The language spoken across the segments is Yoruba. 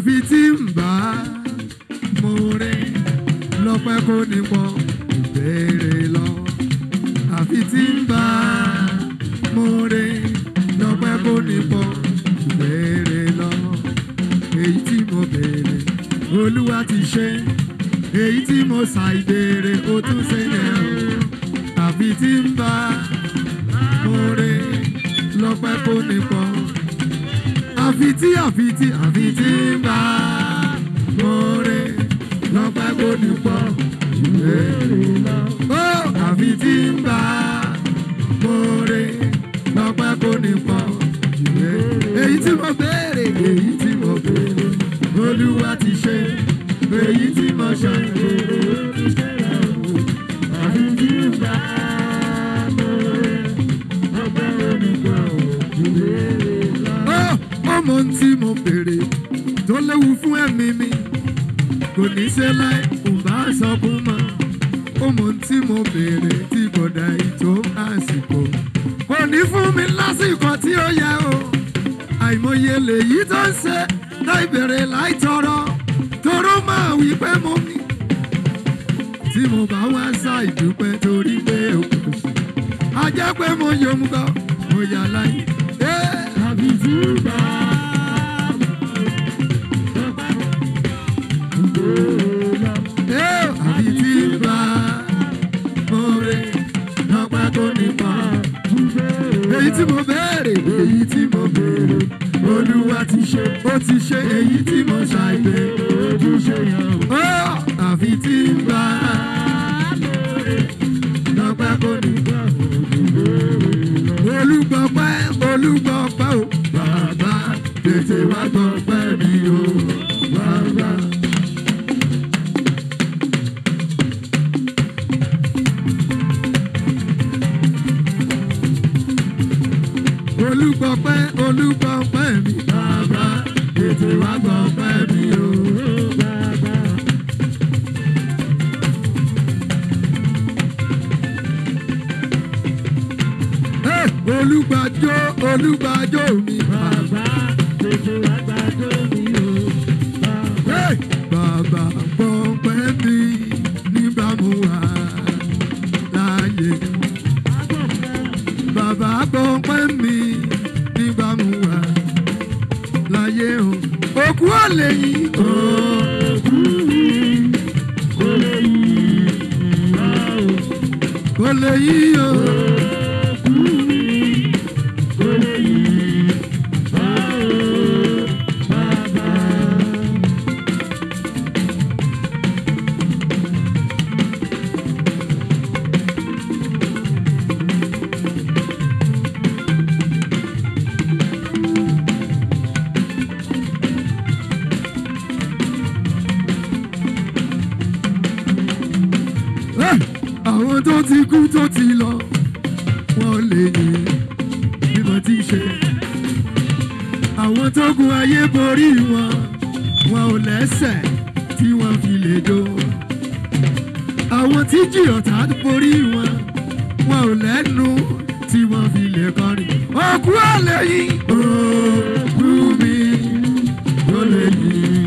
àfi tí ń bá mo rìn lọ́pẹ́ kó nípọ̀ òbéèrè lọ. àfi tí ń bá mo rìn lọ́pẹ́ kó nípọ̀ òbéèrè lọ. èyí tí mo béèrè olúwa ti ṣe èyí tí mo ṣàìbéèrè ó tún ṣe yẹn o. àfi tí ń bá mo rìn lọ́pẹ́ kó nípọ̀ àfitì àfitì àfitì ń bá mọ́rẹ́ lọ́pẹ́ kò ní pọ̀ jù lérè. léwu fún ẹ̀mí mi kò ní ṣe láì kò bá sọkún mọ́ ó mọ tí mo béèrè tí bọ̀dà ìtò àsìkò kò ní fún mi lásìkò tí ó yẹ o àìmọye lèyí tó ń ṣe láì béèrè láì tọrọ toró máa wí pé mo ní tí mo bá wá ṣàìdúpẹ́ torí pé òkùnkùn a jẹ́ pé mo yọ̀ olùgbàjò mi. bàbá tètè àgbàdo mi o. bàbá pọ̀npẹ́ mi níbàámu wà láàyè. bàbá pọ̀npẹ́ mi níbàámu wà láàyè o. òkú àlè yìí. òkú yìí kò o. kò lè o. lẹ́sẹ̀ tí wọ́n fi lè do àwọn tí jì ọ̀tá borí wọn wọn ò lẹ́nu tí wọ́n fi lè kọrin òkú àlè yìí òkú mi ò lè yìí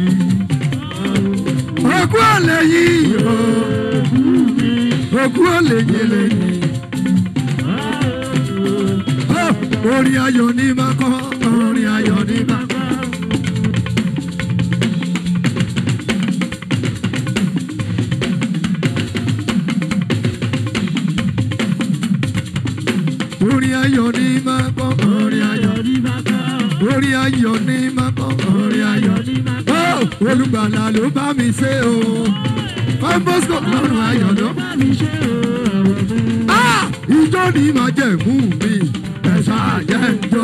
òkú àlè yìí òkú mi òkú àlè yìí ah, orin ayọ̀ ni máa kọ́ orin ayọ̀ ni máa kọ́. olùgbàlà ló bá mi ṣe o fáńbọ́sọ̀ lọ́rùn ayọ̀ ló bá mi ṣe o. ìjọ ah! ni màá jẹ̀mú mi ẹ̀ṣá jẹ́ jọ.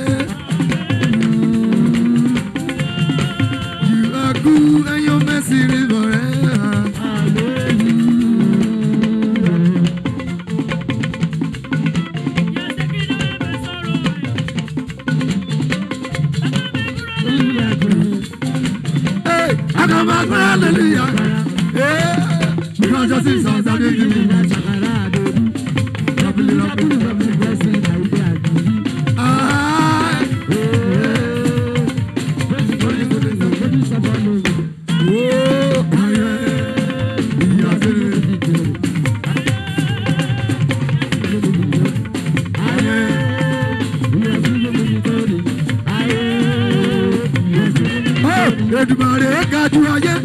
blessings on that day, give me that chakarado. Double, double, double blessing, I will be at you. Ah, yeah. Praise the Lord, you could have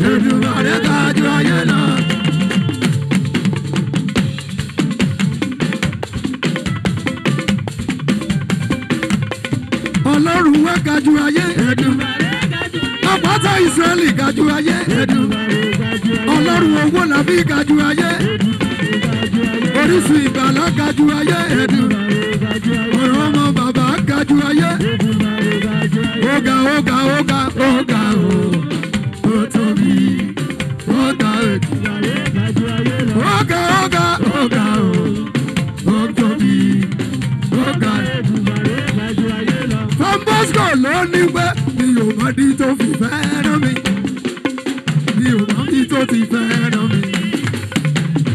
ọlọ́run wa ga jù ayé. àpáta ìsírẹ́lì ga jù ayé. ọlọ́run owó làbí ga ayé. orísun ìgbàlà ga jù ayé. ọ̀rọ̀ ọmọ bàbá ga ayé. ó ga ó ga ó ga ó ga ó. dúpẹ́ mi ò mọ di tó fi fẹ́ rán mi mi ò mọ di tó ti fẹ́ rán mi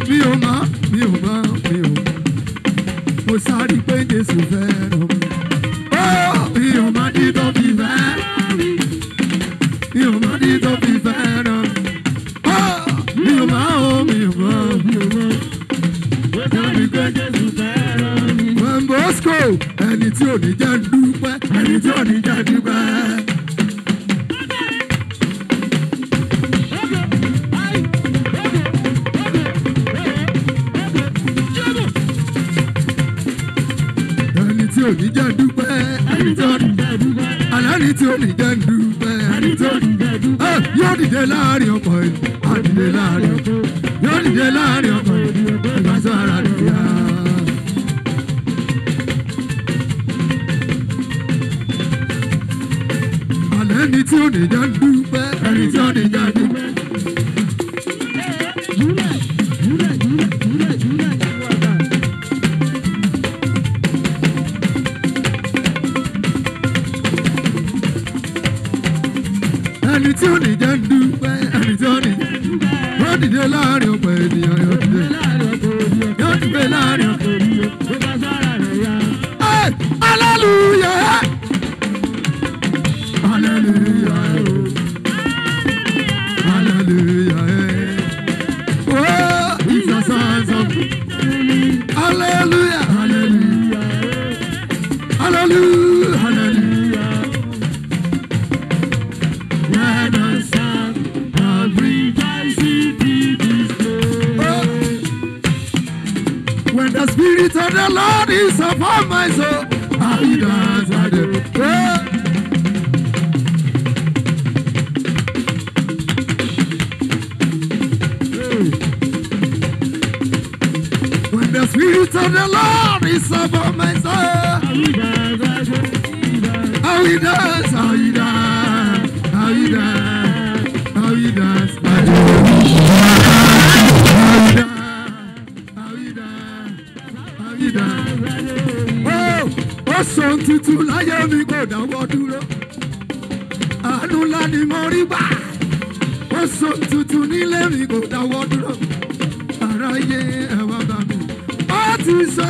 mi ò mọ mi ò mọ mi ò mọ mo sáré pé Jésù fẹ́ mi mi ò mọ di tó fi fẹ́ rán mi mi ò mọ di tó fi fẹ́ rán mi mi ò mọ mi ò mọ mi ò mọ mo sáré pé Jésù fẹ́ rán mi. Wembosco ẹni tí ò ní jẹ́ tí ò ní jáde gbà. ẹni tí ò ní jáde gbà. ẹni tí ò ní jáde gbà. aláàní tí ò ní jáde gbà. ẹni tí ò ní jáde gbà. Ah, yóò dìde láàrin ọkọ yìí. yóò láàrin ọkọ yìí. yóò ara rẹ. Vision de Gadi. Ẹni tí ó ní jẹ́ ń dúpẹ́, ẹni tí Hallelujah. When the spirit of the Lord is upon my soul. I will dance, I dance. Yeah. When the spirit of the Lord is upon my soul, I will dance, I dance. sóhun tuntun láyé mi kò dáwọ́ dúró àánú ńlá ni mo rí gbà ó sóhun tuntun nílé mi kò dáwọ́ dúró aráyé ẹ̀wá bá mi ó ti sọ.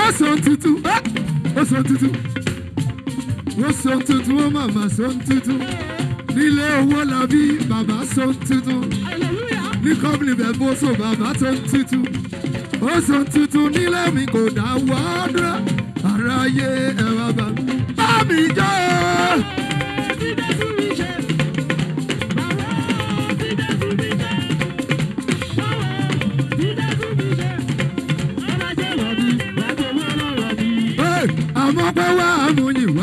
ó sóhun tuntun ó sóhun tuntun ló so tuntun ó màmá so tuntun nílé owó làbí bàbá so tuntun ní kọ́mìnì bẹ̀bọ̀ so bàbá so tuntun ó so tuntun nílé mi kò dá wá dúró àráyé ẹ̀wà bàbá mi jẹ́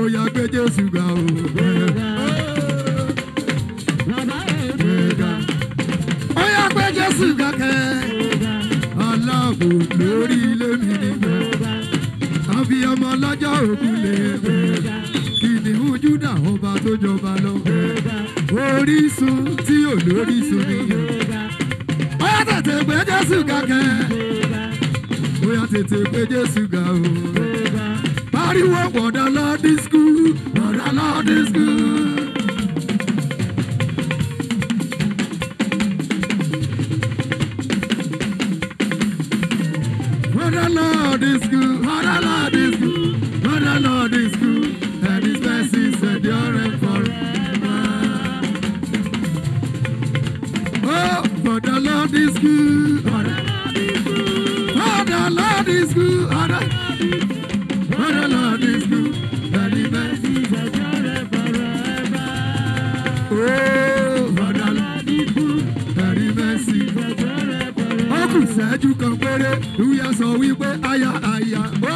ó yá gbé Jésù ga o. ó yá gbé Jésù ga kẹ́ aláàbò lórí ilé mi nígbà àfi ọmọ lọ́jọ́ òkú lè kìnìún Júdà ọba tó jọba lọ orísun tí ò lórísun ni ó yá tètè gbé Jésù ga kẹ́ ó yá tètè gbé Jésù ga o. Ariwo, but the Lord is good, but the Lord is good. But the Lord is good, but the Lord wípé aya aya ó.